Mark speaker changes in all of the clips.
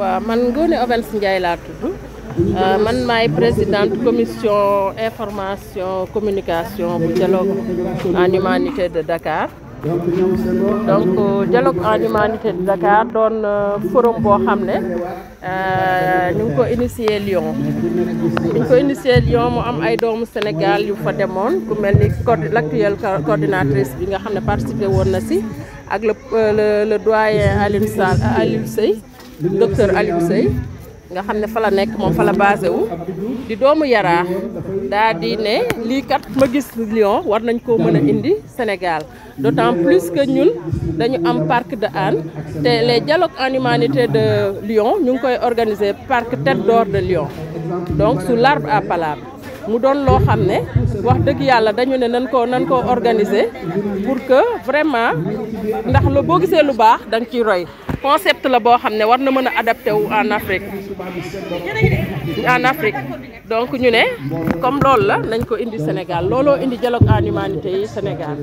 Speaker 1: waaw man Ngoné Ovens Ndiaye laa tudd euh, man maay présidente commission information communication bu dialogue en humanité de Dakar donc euh, dialogue en humanité de Dakar un euh, forum pour xam nous ñu ngi ko initié Lyon ñu ngi ko initié Lyon mu am ay doomu Sénégal yu fa demoon l'actuelle coordinatrice bi nga xam ne participé woon na ak le le doyen Alioune Sall docteur Aliou Seye nga xamné ne fa la nekk moom fa la basé wu di doomu yara da di né li kat ma gis Lyon war nañ ko mëna indi Sénégal d'autant plus que ñun dañu am parc de Anne té les dialogues en humanité de Lyon ñu koy organiser parc Tête d'Or de Lyon donc sous l'arbre à palabre mu doon lo xamné wax deug yalla dañu né nan ko nan ko organiser pour que vraiment ndax lo bo gisé lu baax da nga roy concept la bo xamné ne war na adapté wu en Afrique en Afrique donc ñu né comme lool la nañ ko indi Sénégal lolo, indi dialogue en humanité yi Sénégal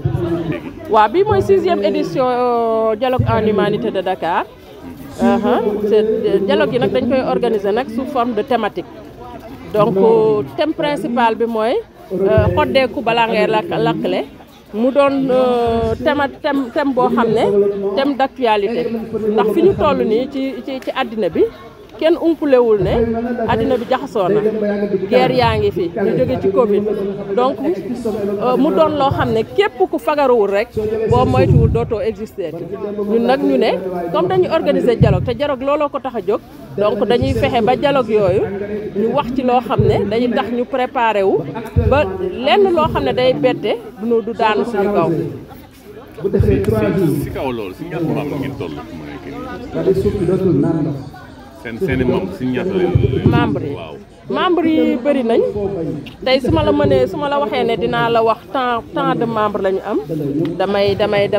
Speaker 1: bi moy 6 sixième édition euh, dialogue en humanité de Dakar euh, dialogue yi nak dañ koy organiser nak sous forme de thématique donc euh, thème principal bi mooy xoddeeku balaa ngay la clé. mu doon euh, thème tem tem boo xam ne thème d'actualité ndax fi ñu toll nii ci ci ci àddina bi kenn umpulewul ne àddina du jaxasoo na guerre yaa ngi fi ñu jóge ci Covid donc euh, mu doon loo xam ne képp ku fagaruwul rek boo moytuwul dootoo exister ñun nag ñu ne comme dañuy organiser dialogue te dialogue looloo ko tax a jóg donc dañuy fexe ba jaloog yooyu ñu wax ci loo xam ne dañuy tax ñu préparer wu ba lenn loo xam ne day bette duñu du daanu suñu kaw bu si kaw loolu si ñaata mbaam ngeen toll mu nekk nii C'est un membre membres membre membre yi c'est nañ de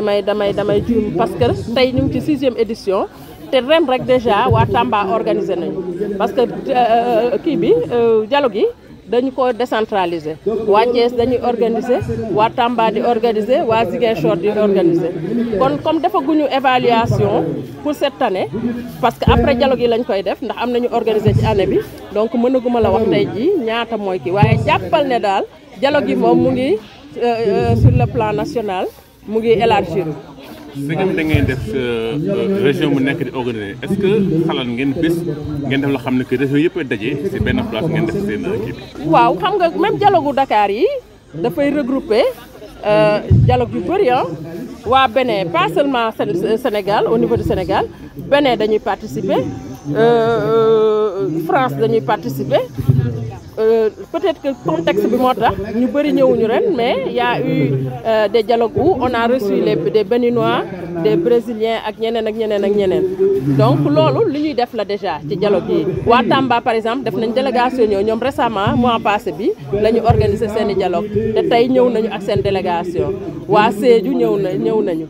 Speaker 1: membre parce que édition déjà Tamba organisé parce que euh, euh, euh, dialogue dañu ko décentraliser wa Thiès dañuy organiser wa Tamba di organiser waa Ziguinchor di organiser kon comme defaguñu évaluation pour cette année parce que après dialogue yi lañ koy def ndax am organiser ci année bi donc mënaguma la wax tay ji ñaata moy ki waye jàppal ne dal dialogue yi moom mu ngi euh, euh, sur le plan national mu ngi élargir su ngeen da ngeen def euh, euh, région bu nekk di organiser est-ce que xalaat ngeen bés ngeen def loo xam ne que région yëpp a c'est ci benn place ngeen def seen kii bi. waaw xam nga même dialogue Dakar yi dafay regrouper euh, dialogue du bëri ah waa Bénin pas seulement Sénégal au niveau du Sénégal Bénin dañuy participer France dañuy participer. Euh, peut-être que contexte bi moo tax ñu venus ñëwuñu ren mais y a eu euh, des dialogues où on a reçu les des béninois des brésiliens ak ñeneen ak ak donc loolu li ñuy def la déjà ci dialogue yi waa Tamba par exemple def nañ délégation Nous avons récemment mois passé bi la organiser dialogue Nous avons ñëw nañu ak délégation Nous avons fait na ñëw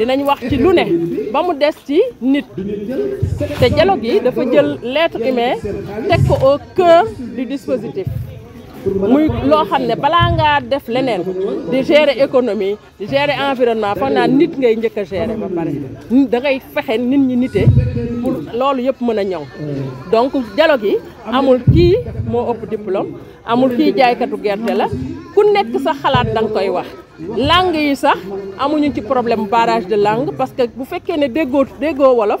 Speaker 1: dinañ wax ci lu ne ba mu des ci nit te dialogue yi dafa jël lettre humain teg ko au cœur du dispositif muy loo xam ne balaa ngaa def leneen di gérer économie di gérer environnement foog naa nit ngay njëkk a gérer ba pare da ngay fexe nit ñi nite pour loolu yëpp mën a ñëw donc dialogue yi amul kii moo ëpp diplôme amul kii jaaykatu gerte la ku nekk sa xalaat da nga koy wax langue yi sax amuñu ci problème barrage de langue parce que bu fekkee ne déggoo wolof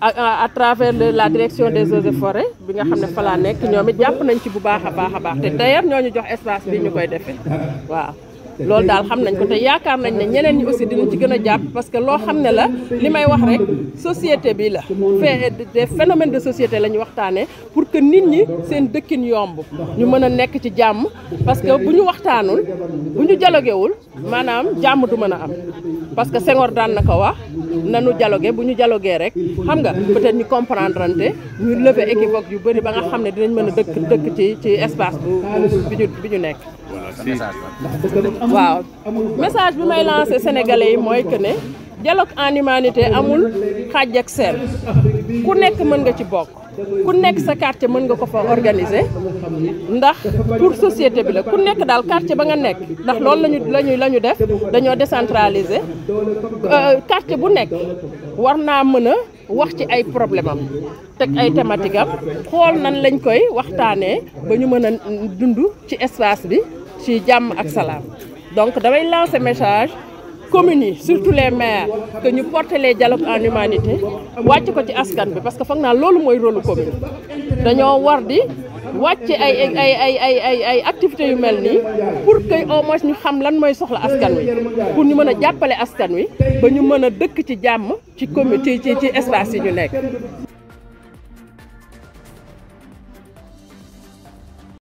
Speaker 1: à travers la direction des eaux et forêts bi nga xamné ne fa laa nekk ñoom it nañ ci bu baaxa baaxa baax té baax te d'ailleurs ñoo ñu jox espace bi ñu koy defee waaw loolu daal xam nañ ko te yaakaar nañ ne ñeneen ñi aussi dinañ ci gën a jàpp parce que loo xam ne la li may wax rek société bi la fait des phénomènes de societé lañu ñu waxtaanee pour que nit ñi seen dëkkin yomb ñu mën a nekk ci jàmm parce que bu ñu waxtaanul bu ñu jalogewul maanaam jàmm du mën a am parce que Senghor daan na ko wax nanu jaloge bu ñu jalogee rek xam nga peut-être ñu comprendre ante ñu lever équivoque yu bëri ba nga xam ne dinañ mën a dëkk dëkk ci ci espace bu bi ñu bi ñu nekk waaw message bi may lancé sénégalais yi mooy que ne dialogue en amul xaaj ak ku nekk mën nga ci bokk ku nekk sa quartier mën nga ko fa organiser ndax pour société bi la ku nekk daal quartier ba nga nekk ndax loolu lañu lañu la ñu def dañoo décentraliser euh, quartier bu nekk war naa mën a wax ci ay problème am teg ay thématique xool nan lañ koy waxtaanee ba ñu mën a dund ci espace bi ci jam ak salam donc damay lancer message communi surtout les maires que ñu porter les dialogues en humanité wàcc ko ci askan bi parce que foog na lolu moy rôle commune daño war di wàcc ay ay ay ay ay ay activités yu melni pour que au moins ñu xam lan moy soxla askan wi pour ñu mëna jappalé askan wi ba ñu mëna a dëkk ci jam ci commune ci ci espace yi ñu nek